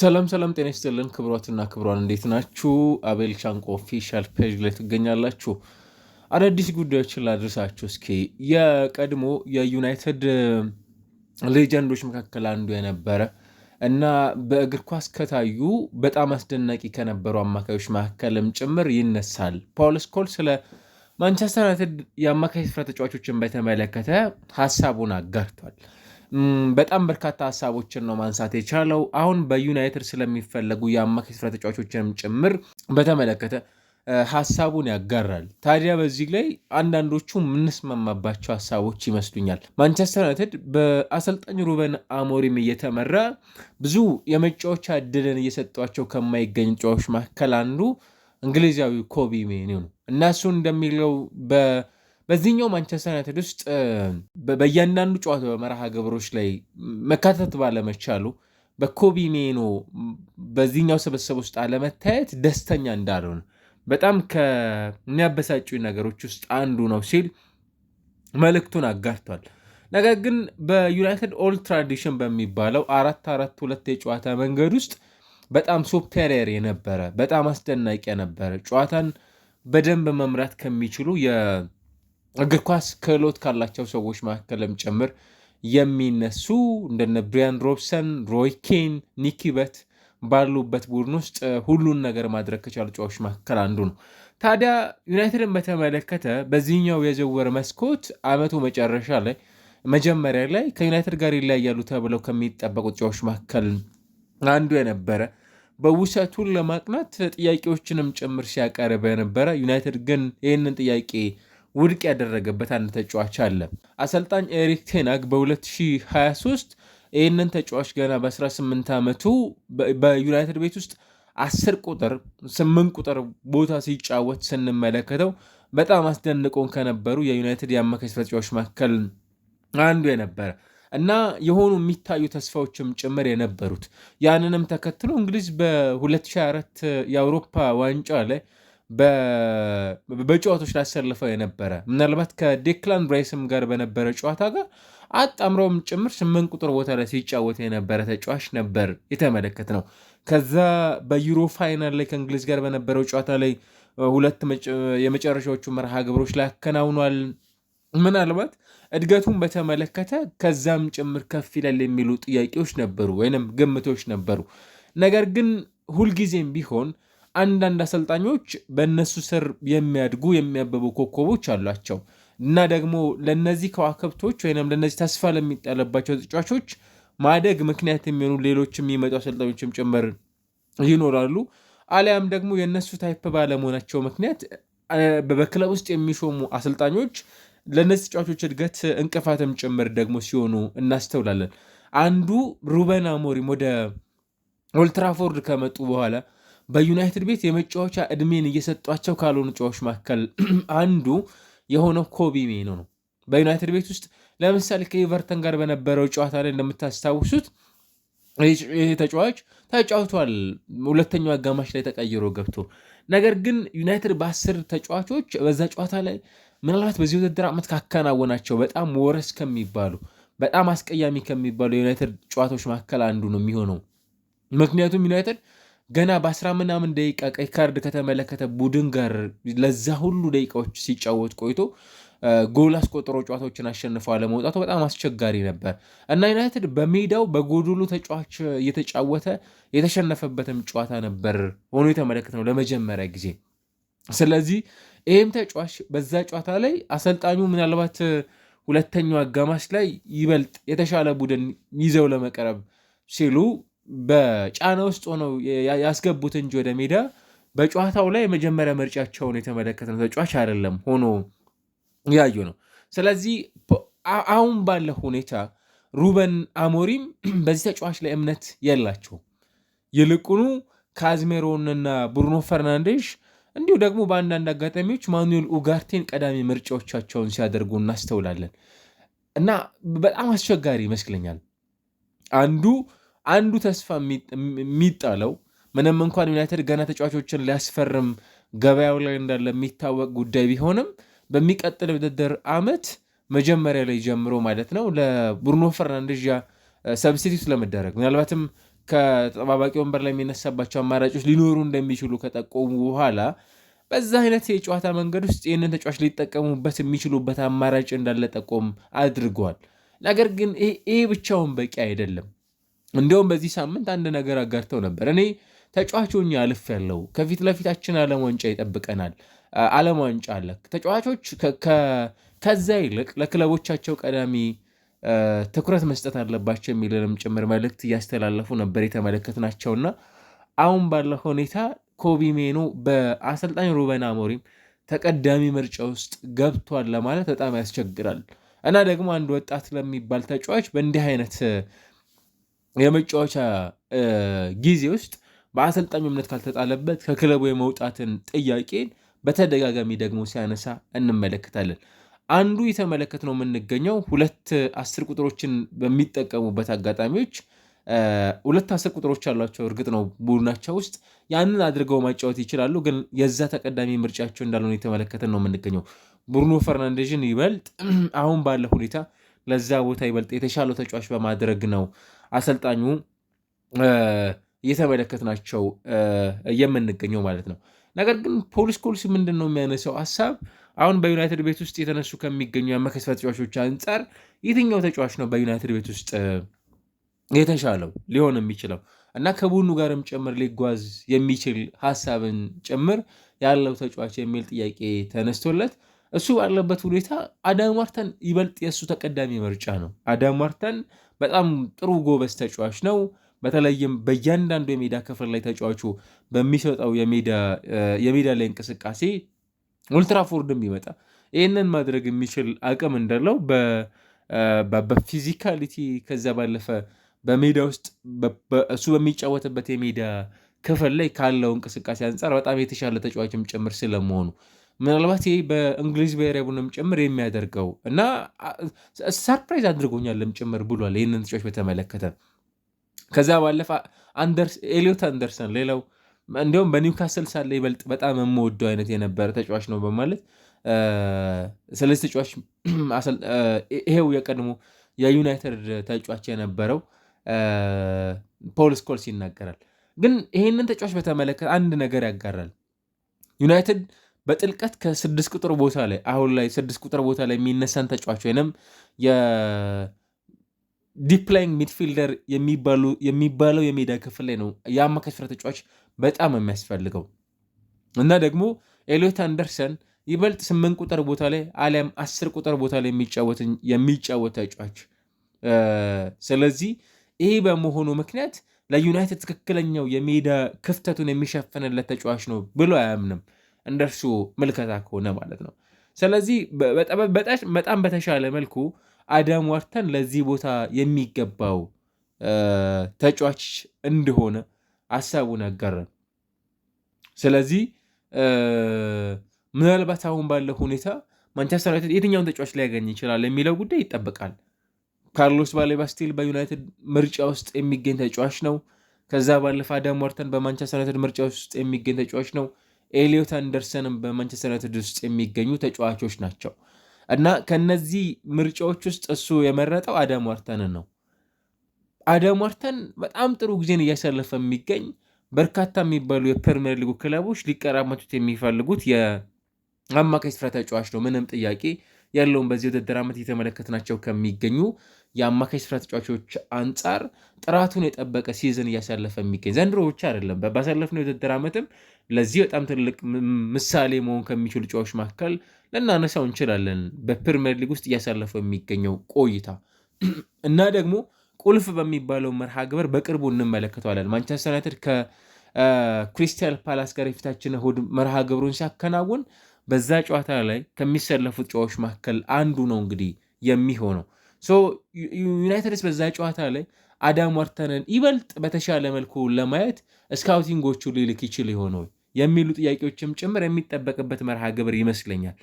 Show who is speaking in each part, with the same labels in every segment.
Speaker 1: ሰላም ሰላም፣ ጤና ይስጥልን ክብሯትና ክብሯን፣ እንዴት ናችሁ? አቤል ሻንቆ ኦፊሻል ፔጅ ላይ ትገኛላችሁ። አዳዲስ ጉዳዮችን ላድርሳችሁ። እስኪ የቀድሞ የዩናይትድ ሌጀንዶች መካከል አንዱ የነበረ እና በእግር ኳስ ከታዩ በጣም አስደናቂ ከነበሩ አማካዮች መካከልም ጭምር ይነሳል። ፓውል ስኮል ስለ ማንቸስተር ዩናይትድ የአማካይ ስፍራ ተጫዋቾችን በተመለከተ ሀሳቡን አጋርቷል። በጣም በርካታ ሀሳቦችን ነው ማንሳት የቻለው። አሁን በዩናይትድ ስለሚፈለጉ የአማካይ ስፍራ ተጫዋቾችንም ጭምር በተመለከተ ሀሳቡን ያጋራል። ታዲያ በዚህ ላይ አንዳንዶቹ የምንስማማባቸው ሀሳቦች ይመስሉኛል። ማንቸስተር ዩናይትድ በአሰልጣኝ ሩበን አሞሪም እየተመራ ብዙ የመጫወቻ ዕድልን እየሰጧቸው ከማይገኝ ተጫዋቾች መካከል አንዱ እንግሊዛዊ ኮቢ ሜኑ ነው እና እሱ እንደሚለው በዚህኛው ማንቸስተር ዩናይትድ ውስጥ በእያንዳንዱ ጨዋታ በመርሃ ግብሮች ላይ መካተት ባለመቻሉ በኮቢ ሜኖ በዚህኛው ስብስብ ውስጥ አለመታየት ደስተኛ እንዳልሆነ በጣም ከሚያበሳጩ ነገሮች ውስጥ አንዱ ነው ሲል መልእክቱን አጋርቷል። ነገር ግን በዩናይትድ ኦልድ ትራዲሽን በሚባለው አራት አራት ሁለት የጨዋታ መንገድ ውስጥ በጣም ሱፔሪየር የነበረ በጣም አስደናቂ የነበረ ጨዋታን በደንብ መምራት ከሚችሉ እግር ኳስ ክህሎት ካላቸው ሰዎች መካከልም ጭምር የሚነሱ እንደነ ብሪያን ሮብሰን፣ ሮይኬን፣ ኒኪበት ባሉበት ቡድን ውስጥ ሁሉን ነገር ማድረግ ከቻሉ ጨዋቾች መካከል አንዱ ነው። ታዲያ ዩናይትድን በተመለከተ በዚህኛው የዝውውር መስኮት አመቱ መጨረሻ ላይ መጀመሪያ ላይ ከዩናይትድ ጋር ይለያያሉ ተብለው ከሚጠበቁ ጨዋቾች መካከል አንዱ የነበረ በውሰቱን ለማቅናት ጥያቄዎችንም ጭምር ሲያቀርብ የነበረ ዩናይትድ ግን ይህንን ጥያቄ ውድቅ ያደረገበት አንድ ተጫዋች አለ። አሰልጣኝ ኤሪክ ቴናግ በ2023 ይህንን ተጫዋች ገና በ18 ዓመቱ በዩናይትድ ቤት ውስጥ 10 ቁጥር 8 ቁጥር ቦታ ሲጫወት ስንመለከተው በጣም አስደንቆን ከነበሩ የዩናይትድ የአማካይ ተጫዋች መካከል አንዱ የነበረ እና የሆኑ የሚታዩ ተስፋዎችም ጭምር የነበሩት ያንንም ተከትሎ እንግሊዝ በ2024 የአውሮፓ ዋንጫ ላይ በጨዋታዎች ላይ አሰልፈው የነበረ ምናልባት ከዴክላን ብራይስም ጋር በነበረ ጨዋታ ጋር አጣምረውም ጭምር ስምንት ቁጥር ቦታ ላይ ሲጫወት የነበረ ተጫዋች ነበር የተመለከት ነው። ከዛ በዩሮ ፋይናል ላይ ከእንግሊዝ ጋር በነበረው ጨዋታ ላይ ሁለት የመጨረሻዎቹ መርሃ ግብሮች ላይ አከናውኗል። ምናልባት እድገቱን በተመለከተ ከዛም ጭምር ከፍ ይላል የሚሉ ጥያቄዎች ነበሩ፣ ወይንም ግምቶች ነበሩ። ነገር ግን ሁልጊዜም ቢሆን አንዳንድ አሰልጣኞች በእነሱ ስር የሚያድጉ የሚያበቡ ኮከቦች አሏቸው እና ደግሞ ለእነዚህ ከዋክብቶች ወይም ለነዚህ ተስፋ ለሚጣለባቸው ተጫዋቾች ማደግ ምክንያት የሚሆኑ ሌሎች የሚመጡ አሰልጣኞችም ጭምር ይኖራሉ። አሊያም ደግሞ የእነሱ ታይፕ ባለመሆናቸው ምክንያት በክለብ ውስጥ የሚሾሙ አሰልጣኞች ለእነዚህ ተጫዋቾች እድገት እንቅፋትም ጭምር ደግሞ ሲሆኑ እናስተውላለን። አንዱ ሩበን አሞሪም ወደ ኦልትራፎርድ ከመጡ በኋላ በዩናይትድ ቤት የመጫወቻ እድሜን እየሰጧቸው ካልሆኑ ጫዎች መካከል አንዱ የሆነው ኮቢ ሜኖ ነው። በዩናይትድ ቤት ውስጥ ለምሳሌ ከኤቨርተን ጋር በነበረው ጨዋታ ላይ እንደምታስታውሱት ይህ ተጫዋች ተጫውቷል። ሁለተኛው አጋማሽ ላይ ተቀይሮ ገብቶ ነገር ግን ዩናይትድ በአስር ተጫዋቾች በዛ ጨዋታ ላይ ምናልባት በዚህ ውድድር ዓመት ካከናወናቸው በጣም ወረስ ከሚባሉ በጣም አስቀያሚ ከሚባሉ የዩናይትድ ጨዋታዎች መካከል አንዱ ነው የሚሆነው ምክንያቱም ዩናይትድ ገና በአስራ ምናምን ደቂቃ ቀይ ካርድ ከተመለከተ ቡድን ጋር ለዛ ሁሉ ደቂቃዎች ሲጫወት ቆይቶ ጎል አስቆጥሮ ጨዋታዎችን አሸንፎ አለመውጣቱ በጣም አስቸጋሪ ነበር እና ዩናይትድ በሜዳው በጎዶሎ ተጫዋች እየተጫወተ የተሸነፈበትም ጨዋታ ነበር ሆኖ ነው ለመጀመሪያ ጊዜ። ስለዚህ ይህም ተጫዋች በዛ ጨዋታ ላይ አሰልጣኙ ምናልባት ሁለተኛው አጋማሽ ላይ ይበልጥ የተሻለ ቡድን ይዘው ለመቅረብ ሲሉ በጫና ውስጥ ሆነው ያስገቡት እንጂ ወደ ሜዳ በጨዋታው ላይ የመጀመሪያ ምርጫቸውን የተመለከትነው ተጫዋች አይደለም ሆኖ ያዩ ነው። ስለዚህ አሁን ባለ ሁኔታ ሩበን አሞሪም በዚህ ተጫዋች ላይ እምነት የላቸው ይልቁኑ ካዝሜሮንና ብሩኖ ፈርናንዴሽ እንዲሁ ደግሞ በአንዳንድ አጋጣሚዎች ማኑኤል ኡጋርቴን ቀዳሚ ምርጫዎቻቸውን ሲያደርጉ እናስተውላለን እና በጣም አስቸጋሪ ይመስለኛል አንዱ አንዱ ተስፋ የሚጣለው ምንም እንኳን ዩናይትድ ገና ተጫዋቾችን ሊያስፈርም ገበያው ላይ እንዳለ የሚታወቅ ጉዳይ ቢሆንም በሚቀጥል ውድድር ዓመት መጀመሪያ ላይ ጀምሮ ማለት ነው ለብሩኖ ፈርናንዴዝ ሰብስቲቱት ለመደረግ ምናልባትም ከተጠባባቂ ወንበር ላይ የሚነሳባቸው አማራጮች ሊኖሩ እንደሚችሉ ከጠቆሙ በኋላ በዛ አይነት የጨዋታ መንገድ ውስጥ ይህንን ተጫዋች ሊጠቀሙበት የሚችሉበት አማራጭ እንዳለ ጠቆም አድርገዋል። ነገር ግን ይሄ ብቻውን በቂ አይደለም። እንዲሁም በዚህ ሳምንት አንድ ነገር አጋርተው ነበር። እኔ ተጫዋቾኝ አልፍ ያለው ከፊት ለፊታችን ዓለም ዋንጫ ይጠብቀናል፣ ዓለም ዋንጫ አለ። ተጫዋቾች ከዛ ይልቅ ለክለቦቻቸው ቀዳሚ ትኩረት መስጠት አለባቸው የሚልንም ጭምር መልእክት እያስተላለፉ ነበር የተመለከትናቸውና አሁን ባለው ሁኔታ ኮቢ ሜኖ በአሰልጣኝ ሩበን አሞሪም ተቀዳሚ ምርጫ ውስጥ ገብቷል ለማለት በጣም ያስቸግራል እና ደግሞ አንድ ወጣት ለሚባል ተጫዋች በእንዲህ አይነት የመጫወቻ ጊዜ ውስጥ በአሰልጣኙ እምነት ካልተጣለበት ከክለቡ የመውጣትን ጥያቄን በተደጋጋሚ ደግሞ ሲያነሳ እንመለከታለን። አንዱ የተመለከት ነው የምንገኘው ሁለት አስር ቁጥሮችን በሚጠቀሙበት አጋጣሚዎች ሁለት አስር ቁጥሮች ያሏቸው እርግጥ ነው ቡድናቸው ውስጥ ያንን አድርገው ማጫወት ይችላሉ፣ ግን የዛ ተቀዳሚ ምርጫቸው እንዳልሆነ የተመለከተን ነው የምንገኘው። ብሩኖ ፈርናንዴዥን ይበልጥ አሁን ባለ ሁኔታ ለዛ ቦታ ይበልጥ የተሻለው ተጫዋች በማድረግ ነው አሰልጣኙ እየተመለከትናቸው የምንገኘው ማለት ነው። ነገር ግን ፖል ስኮልስ ምንድን ነው የሚያነሳው ሀሳብ አሁን በዩናይትድ ቤት ውስጥ የተነሱ ከሚገኙ የአማካይ ተጫዋቾች አንጻር የትኛው ተጫዋች ነው በዩናይትድ ቤት ውስጥ የተሻለው ሊሆን የሚችለው እና ከቡድኑ ጋርም ጭምር ሊጓዝ የሚችል ሀሳብን ጭምር ያለው ተጫዋች የሚል ጥያቄ ተነስቶለት እሱ ባለበት ሁኔታ አዳም ዋርተን ይበልጥ የእሱ ተቀዳሚ ምርጫ ነው። አዳም ዋርተን በጣም ጥሩ ጎበዝ ተጫዋች ነው። በተለይም በእያንዳንዱ የሜዳ ክፍል ላይ ተጫዋቹ በሚሰጠው የሜዳ ላይ እንቅስቃሴ ኦልትራፎርድም ይመጣ ይህንን ማድረግ የሚችል አቅም እንዳለው በፊዚካሊቲ ከዚያ ባለፈ በሜዳ ውስጥ እሱ በሚጫወትበት የሜዳ ክፍል ላይ ካለው እንቅስቃሴ አንጻር በጣም የተሻለ ተጫዋችም ጭምር ስለመሆኑ ምናልባት ይህ በእንግሊዝ ብሔራዊ ቡድንም ጭምር የሚያደርገው እና ሰርፕራይዝ አድርጎኛልም ጭምር ብሏል ይህንን ተጫዋች በተመለከተ። ከዛ ባለፈ ኤሊዮት አንደርሰን ሌላው እንዲሁም በኒውካስል ሳለ ይበልጥ በጣም የምወደው አይነት የነበረ ተጫዋች ነው በማለት ስለዚህ ተጫዋች ይሄው የቀድሞ የዩናይትድ ተጫዋች የነበረው ፖል ስኮልስ ይናገራል። ግን ይሄንን ተጫዋች በተመለከተ አንድ ነገር ያጋራል ዩናይትድ በጥልቀት ከስድስት ቁጥር ቦታ ላይ አሁን ላይ ስድስት ቁጥር ቦታ ላይ የሚነሳን ተጫዋች ወይንም የዲፕላይንግ ሚድፊልደር የሚባለው የሜዳ ክፍል ላይ ነው የአማካይ ስፍራ ተጫዋች በጣም የሚያስፈልገው እና ደግሞ ኤሊዮት አንደርሰን ይበልጥ ስምንት ቁጥር ቦታ ላይ አሊያም አስር ቁጥር ቦታ ላይ የሚጫወት ተጫዋች። ስለዚህ ይሄ በመሆኑ ምክንያት ለዩናይትድ ትክክለኛው የሜዳ ክፍተቱን የሚሸፍንለት ተጫዋች ነው ብሎ አያምንም። እንደርሱ ምልከታ ከሆነ ማለት ነው። ስለዚህ በጣም በተሻለ መልኩ አዳም ዋርተን ለዚህ ቦታ የሚገባው ተጫዋች እንደሆነ አሳቡ ነገር ስለዚህ ምናልባት አሁን ባለው ሁኔታ ማንቸስተር ዩናይትድ የትኛውን ተጫዋች ሊያገኝ ይችላል የሚለው ጉዳይ ይጠበቃል። ካርሎስ ባሌባ ስቲል በዩናይትድ ምርጫ ውስጥ የሚገኝ ተጫዋች ነው። ከዛ ባለፈ አዳም ዋርተን በማንቸስተር ዩናይትድ ምርጫ ውስጥ የሚገኝ ተጫዋች ነው። ኤሊዮት አንደርሰንም በማንቸስተር ዩናይትድ ውስጥ የሚገኙ ተጫዋቾች ናቸው እና ከነዚህ ምርጫዎች ውስጥ እሱ የመረጠው አዳም ዋርተንን ነው። አዳም ዋርተን በጣም ጥሩ ጊዜን እያሳለፈ የሚገኝ በርካታ የሚባሉ የፕሪሚየር ሊጉ ክለቦች ሊቀራመቱት የሚፈልጉት የአማካይ ስፍራ ተጫዋች ነው። ምንም ጥያቄ ያለውን በዚህ ውድድር ዓመት እየተመለከትናቸው ከሚገኙ የአማካይ ስፍራ ተጫዋቾች አንጻር ጥራቱን የጠበቀ ሲዝን እያሳለፈ የሚገኝ ዘንድሮ ብቻ አይደለም ባሳለፍነው የውድድር ዓመትም ለዚህ በጣም ትልቅ ምሳሌ መሆን ከሚችሉ ተጫዋቾች መካከል ልናነሳው እንችላለን። በፕሪምር ሊግ ውስጥ እያሳለፈው የሚገኘው ቆይታ እና ደግሞ ቁልፍ በሚባለው መርሃ ግብር በቅርቡ እንመለከተዋለን። ማንቸስተር ዩናይትድ ከክሪስታል ፓላስ ጋር የፊታችን እሑድ መርሃ ግብሩን ሲያከናውን በዛ ጨዋታ ላይ ከሚሰለፉት ጨዋቾች መካከል አንዱ ነው እንግዲህ የሚሆነው ዩናይትድስ በዛ ጨዋታ ላይ አዳም ዋርተንን ይበልጥ በተሻለ መልኩ ለማየት ስካውቲንጎቹ ሊልክ ይችል የሆነ የሚሉ ጥያቄዎችም ጭምር የሚጠበቅበት መርሃ ግብር ይመስለኛል።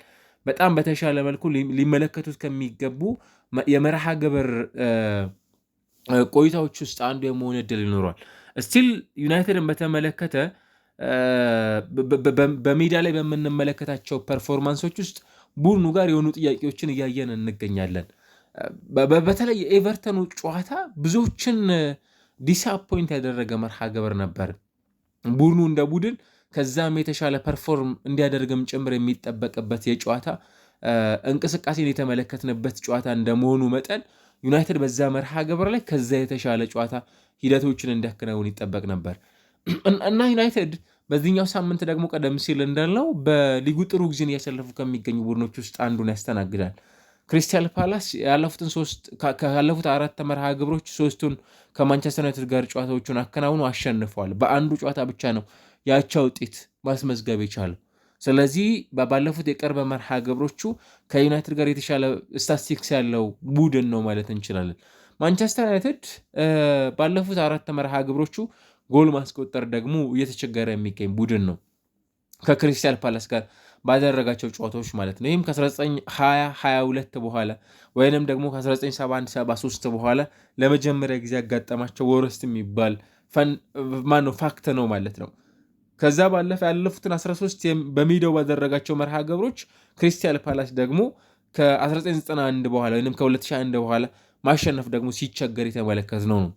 Speaker 1: በጣም በተሻለ መልኩ ሊመለከቱት ከሚገቡ የመርሃ ግብር ቆይታዎች ውስጥ አንዱ የመሆን እድል ይኖሯል። ስቲል ዩናይትድን በተመለከተ በሜዳ ላይ በምንመለከታቸው ፐርፎርማንሶች ውስጥ ቡድኑ ጋር የሆኑ ጥያቄዎችን እያየን እንገኛለን። በተለይ የኤቨርተኑ ጨዋታ ብዙዎችን ዲስአፖይንት ያደረገ መርሃ ግብር ነበር። ቡድኑ እንደ ቡድን ከዛም የተሻለ ፐርፎርም እንዲያደርግም ጭምር የሚጠበቅበት የጨዋታ እንቅስቃሴን የተመለከትንበት ጨዋታ እንደመሆኑ መጠን ዩናይትድ በዛ መርሃ ግብር ላይ ከዛ የተሻለ ጨዋታ ሂደቶችን እንዲያከናውን ይጠበቅ ነበር እና ዩናይትድ በዚህኛው ሳምንት ደግሞ ቀደም ሲል እንዳለው በሊጉ ጥሩ ጊዜን እያሳለፉ ከሚገኙ ቡድኖች ውስጥ አንዱን ያስተናግዳል። ክሪስታል ፓላስ ያለፉትን ሶስት ካለፉት አራት መርሃ ግብሮች ሶስቱን ከማንቸስተር ዩናይትድ ጋር ጨዋታዎቹን አከናውኖ አሸንፈዋል። በአንዱ ጨዋታ ብቻ ነው ያቻ ውጤት ማስመዝገብ የቻለው። ስለዚህ ባለፉት የቅርብ መርሃ ግብሮቹ ከዩናይትድ ጋር የተሻለ ስታስቲክስ ያለው ቡድን ነው ማለት እንችላለን። ማንቸስተር ዩናይትድ ባለፉት አራት መርሃ ግብሮቹ ጎል ማስቆጠር ደግሞ እየተቸገረ የሚገኝ ቡድን ነው። ከክሪስታል ፓላስ ጋር ባደረጋቸው ጨዋታዎች ማለት ነው። ይህም ከ1922 በኋላ ወይንም ደግሞ ከ1971/73 በኋላ ለመጀመሪያ ጊዜ ያጋጠማቸው ወረስት የሚባል ማ ፋክት ነው ማለት ነው። ከዛ ባለፈ ያለፉትን 13 በሜዳው ባደረጋቸው መርሃ ገብሮች ክሪስታል ፓላስ ደግሞ ከ1991 በኋላ ወይም ከ2001 በኋላ ማሸነፍ ደግሞ ሲቸገር የተመለከት ነው ነው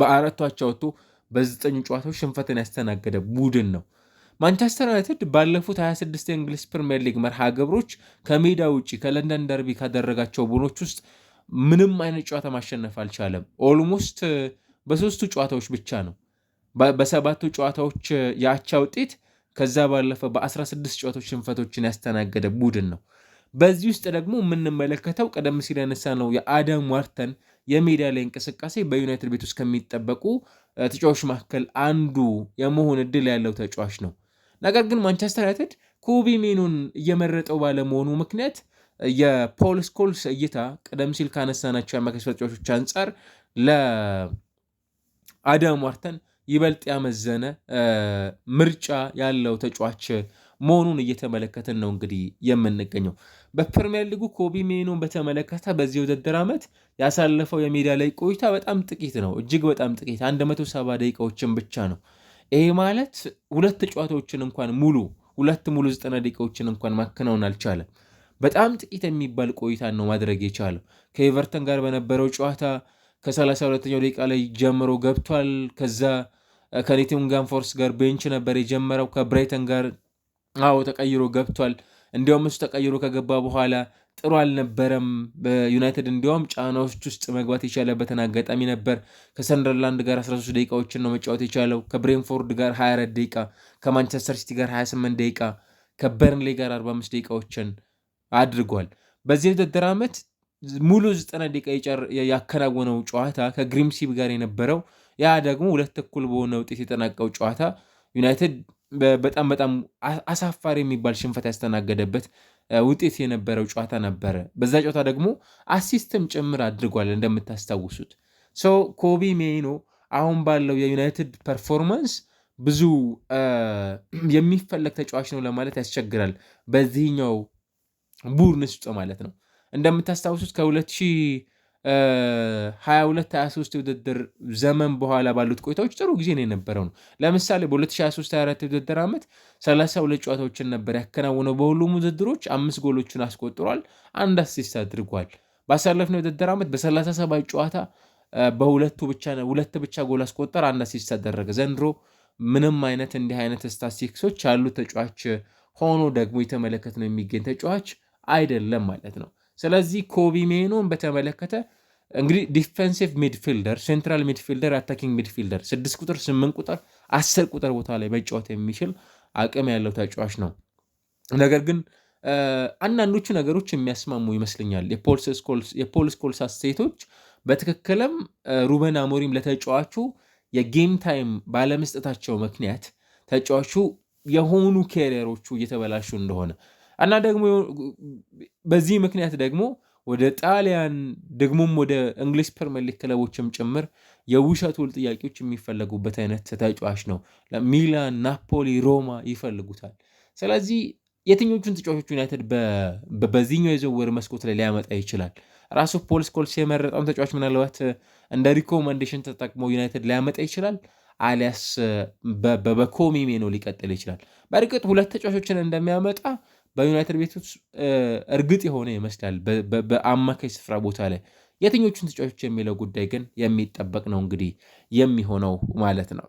Speaker 1: በአራቱ አቻ ወጥቶ በዘጠኙ ጨዋታዎች ሽንፈትን ያስተናገደ ቡድን ነው። ማንቸስተር ዩናይትድ ባለፉት 26 የእንግሊዝ ፕሪምየር ሊግ መርሃ ግብሮች ከሜዳ ውጭ ከለንደን ደርቢ ካደረጋቸው ቡኖች ውስጥ ምንም አይነት ጨዋታ ማሸነፍ አልቻለም። ኦልሞስት በሶስቱ ጨዋታዎች ብቻ ነው በሰባቱ ጨዋታዎች የአቻ ውጤት፣ ከዛ ባለፈ በ16 ጨዋታዎች ሽንፈቶችን ያስተናገደ ቡድን ነው። በዚህ ውስጥ ደግሞ የምንመለከተው ቀደም ሲል ያነሳ ነው የአዳም ዋርተን የሜዳ ላይ እንቅስቃሴ በዩናይትድ ቤት ውስጥ ከሚጠበቁ ተጫዋቾች መካከል አንዱ የመሆን እድል ያለው ተጫዋች ነው። ነገር ግን ማንቸስተር ዩናይትድ ኮቢ ሜኑን እየመረጠው ባለመሆኑ ምክንያት የፖል ስኮልስ እይታ ቀደም ሲል ካነሳናቸው የአማካይ ተጫዋቾች አንጻር ለአዳም ዋርተን ይበልጥ ያመዘነ ምርጫ ያለው ተጫዋች መሆኑን እየተመለከትን ነው እንግዲህ የምንገኘው። በፕሪሚየር ሊጉ ኮቢ ሜኖን በተመለከተ በዚህ ውድድር ዓመት ያሳለፈው የሜዳ ላይ ቆይታ በጣም ጥቂት ነው፣ እጅግ በጣም ጥቂት 170 ደቂቃዎችን ብቻ ነው ይሄ ማለት ሁለት ጨዋታዎችን እንኳን ሙሉ ሁለት ሙሉ ዘጠና ደቂቃዎችን እንኳን ማከናወን አልቻለም። በጣም ጥቂት የሚባል ቆይታን ነው ማድረግ የቻለው። ከኤቨርተን ጋር በነበረው ጨዋታ ከ 32 ደቂቃ ላይ ጀምሮ ገብቷል። ከዛ ከኖቲንግሃም ፎረስት ጋር ቤንች ነበር የጀመረው። ከብራይተን ጋር አዎ ተቀይሮ ገብቷል። እንዲያውም እሱ ተቀይሮ ከገባ በኋላ ጥሩ አልነበረም። በዩናይትድ እንዲያውም ጫናዎች ውስጥ መግባት የቻለበትን አጋጣሚ ነበር። ከሰንደርላንድ ጋር 13 ደቂቃዎችን ነው መጫወት የቻለው። ከብሬንፎርድ ጋር 24 ደቂቃ፣ ከማንቸስተር ሲቲ ጋር 28 ደቂቃ፣ ከበርንሌ ጋር 45 ደቂቃዎችን አድርጓል። በዚህ ውድድር ዓመት ሙሉ 90 ደቂቃ ያከናወነው ጨዋታ ከግሪምሲብ ጋር የነበረው ያ ደግሞ ሁለት እኩል በሆነ ውጤት የጠናቀው ጨዋታ ዩናይትድ በጣም በጣም አሳፋሪ የሚባል ሽንፈት ያስተናገደበት ውጤት የነበረው ጨዋታ ነበረ። በዛ ጨዋታ ደግሞ አሲስትም ጭምር አድርጓል እንደምታስታውሱት። ሶ ኮቢ ሜይኖ አሁን ባለው የዩናይትድ ፐርፎርማንስ ብዙ የሚፈለግ ተጫዋች ነው ለማለት ያስቸግራል፣ በዚህኛው ቡድን ውስጥ ማለት ነው። እንደምታስታውሱት ከሁለት ሀያ 23 ውድድር ዘመን በኋላ ባሉት ቆይታዎች ጥሩ ጊዜ ነው የነበረው ነው። ለምሳሌ በ2023 24 ውድድር ዓመት 32 ጨዋታዎችን ነበር ያከናውነው። በሁሉም ውድድሮች አምስት ጎሎችን አስቆጥሯል፣ አንድ አሲስት አድርጓል። ባሳለፍነው ውድድር ዓመት በ37 ጨዋታ በሁለቱ ብቻ ሁለት ብቻ ጎል አስቆጠር፣ አንድ አሲስት አደረገ። ዘንድሮ ምንም አይነት እንዲህ አይነት ስታቲስቲክሶች ያሉት ተጫዋች ሆኖ ደግሞ የተመለከት ነው የሚገኝ ተጫዋች አይደለም ማለት ነው። ስለዚህ ኮቢ ሜኖን በተመለከተ እንግዲህ ዲፌንሲቭ ሚድፊልደር፣ ሴንትራል ሚድፊልደር፣ አታኪንግ ሚድፊልደር ስድስት ቁጥር፣ ስምንት ቁጥር፣ አስር ቁጥር ቦታ ላይ መጫወት የሚችል አቅም ያለው ተጫዋች ነው። ነገር ግን አንዳንዶቹ ነገሮች የሚያስማሙ ይመስለኛል። የፖል ስኮልስ አስተያየቶች በትክክልም ሩበን አሞሪም ለተጫዋቹ የጌም ታይም ባለመስጠታቸው ምክንያት ተጫዋቹ የሆኑ ኬሪየሮቹ እየተበላሹ እንደሆነ እና ደግሞ በዚህ ምክንያት ደግሞ ወደ ጣሊያን ደግሞም ወደ እንግሊዝ ፕሪሚየር ሊግ ክለቦችም ጭምር የውሸት ውል ጥያቄዎች የሚፈለጉበት አይነት ተጫዋች ነው። ሚላን፣ ናፖሊ፣ ሮማ ይፈልጉታል። ስለዚህ የትኞቹን ተጫዋቾች ዩናይትድ በዚህኛው የዝውውር መስኮት ላይ ሊያመጣ ይችላል? ራሱ ፖል ስኮልስ የመረጠውን ተጫዋች ምናልባት እንደ ሪኮመንዴሽን ተጠቅሞ ዩናይትድ ሊያመጣ ይችላል፣ አሊያስ በኮሚሜኖ ሊቀጥል ይችላል። በእርግጥ ሁለት ተጫዋቾችን እንደሚያመጣ በዩናይትድ ቤት እርግጥ የሆነ ይመስላል። በአማካይ ስፍራ ቦታ ላይ የትኞቹን ተጫዋቾች የሚለው ጉዳይ ግን የሚጠበቅ ነው እንግዲህ የሚሆነው ማለት ነው።